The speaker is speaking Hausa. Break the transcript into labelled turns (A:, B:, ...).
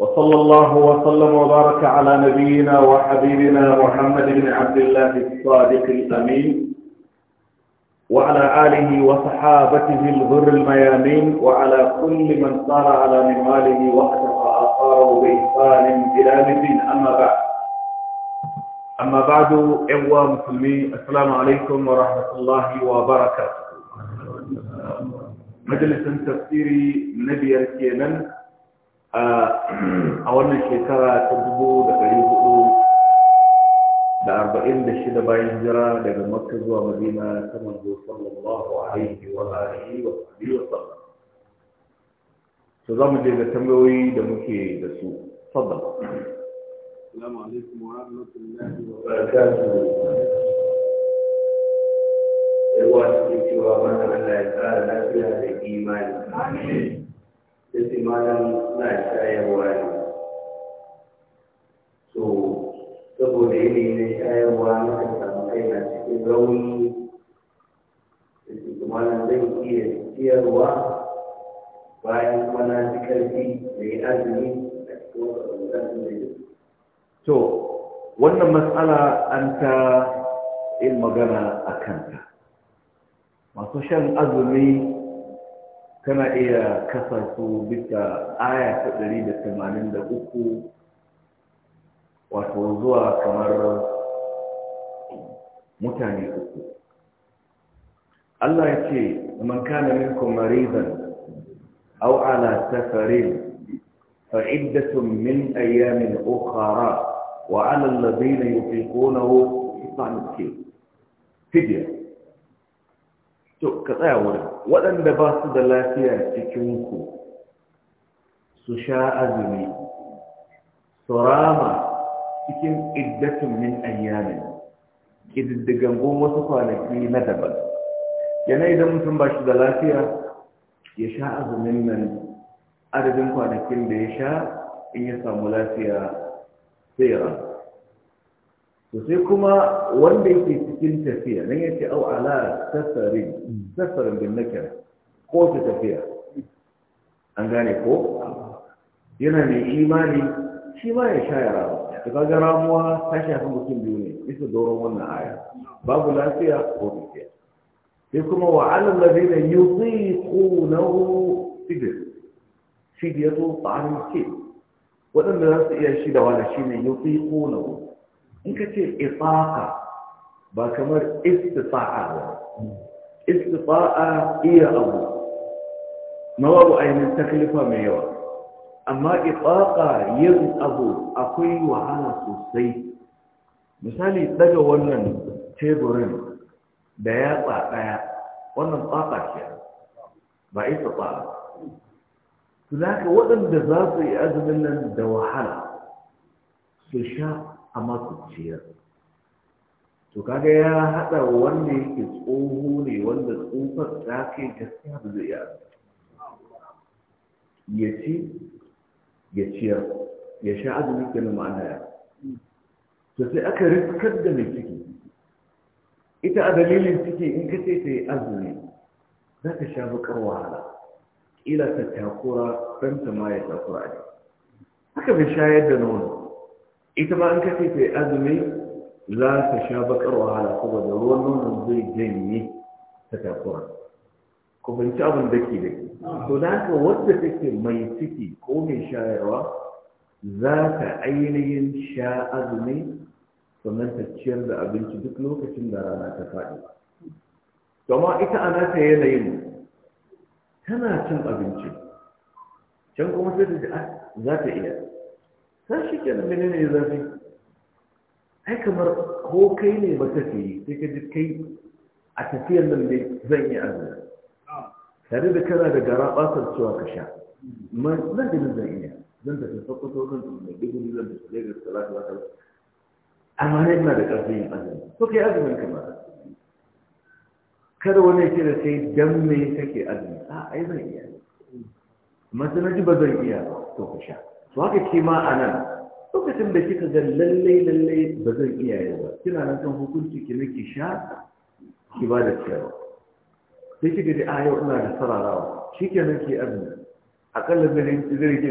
A: وصلى الله وسلم وبارك على نبينا وحبيبنا محمد بن عبد الله الصادق الأمين وعلى آله وصحابته الغر الميامين وعلى كل من صار على منواله واقتفى آثاره بإحسان إلى الدين أما بعد أما بعد إخوة مسلمين السلام عليكم ورحمة الله وبركاته مجلس تفسيري نبي الكيمن a wannan shekara ta dubu da ɗari hudu da arba'in da shida bayan jira daga makka zuwa madina ta manzo sallallahu alaihi wa alihi wa sahbihi wa sallam to za mu je da tambayoyi da muke da su fadda assalamu alaikum wa rahmatullahi wa barakatuh yawa cikin cewa wannan Allah ya tsara lafiya da imani amin sai sai malam na shayarwa ne so saboda yanayi na shayarwa na kan samu na cikin rauni da ke kuma na zan iya ciyarwa bayan kuma na ji ƙarfi da yi azumi a cikin wata da yi to wannan matsala an ta yin magana a kanta masu shan azumi kana iya kasa su bisa aya ta ɗari wato zuwa kamar mutane uku Allah ya ce man kana minkum maridan aw ala safarin fa iddatun min ayamin ukhra wa ala alladhina yutiqunahu fa to ka tsaya wurin waɗanda ba su da lafiya cikinku su sha azumi su rama cikin iddatun min ƙididdigan ko wasu kwanaki na daban Yana idan mutum ba shi da lafiya ya sha azumin nan adadin kwanakin da ya sha in ya samu lafiya sai ya sosai sai kuma wanda yake cikin tafiya nan yake au ala safarin safarin bin nakira ko ta tafiya an gane ko yana mai imani shi ma ya sha rawa da kaga ramuwa ta shafi mutum biyu ne bisa doron wannan aya babu lafiya ko tafiya sai kuma wa alal ladina yutiqunahu fidya fidya to ta'am ce Waɗanda za su iya shi da wala shine yutiqunahu in ka ce itsaqa ba kamar istifa'a ba istifa'a iya abu mawabu ainihin taklifa mai yawa amma itsaqa yin abu akwai wahala sosai misali daga wannan teburin da ya ɗaya wannan tsaka ce ba isa tsatsa su za ka waɗanda za su yi azumin nan da wahala su sha amma su to kaga ya haɗa wanda yake tsoho ne wanda tsofar ta gaskiya da zai ya ci ya ciyar ya sha azumi kenan ma'ana ya to sai aka riskar da mai ciki ita a dalilin ciki in ka ce ta yi azumi za ta sha bakar wahala ƙila ta takura ɗanta ma ya takura ne haka bai shayar da nono ita ma an kace ta azumi za ta sha bakar wahala saboda ruwan nonon zai janye ta takura ku binci abin da ke da to da haka wadda take mai ciki ko mai shayarwa za ta ainihin sha azumi sannan ta ciyar da abinci duk lokacin da rana ta faɗi domin ita ana nata yanayin tana cin abinci can kuma sai da ah, za ta iya sai shi kenan mene ne zafi ai kamar ko kai ne ba ka yi, sai ka ji kai a tafiyar nan ne zan yi azumi tare da kana da gara basar cewa ka sha amma zan ga zan iya zan tafi sokoto kan tafi mai digiri zan tafi lagos talata wata amma ne ina da ƙarfin yin azumi to kai azumin ka ba kada wani ce da sai dan me kake azumi a ai zan iya amma sai na ji ba zan iya to ka sha to haka ke ma a nan lokacin da kika ga lallai lallai ba zan iya yi ba kina nan kan hukunci ki ki sha ki ba da ciyawa sai ki gaji a yau ina da sararawa shi ke nan ke azumi akalla zai rike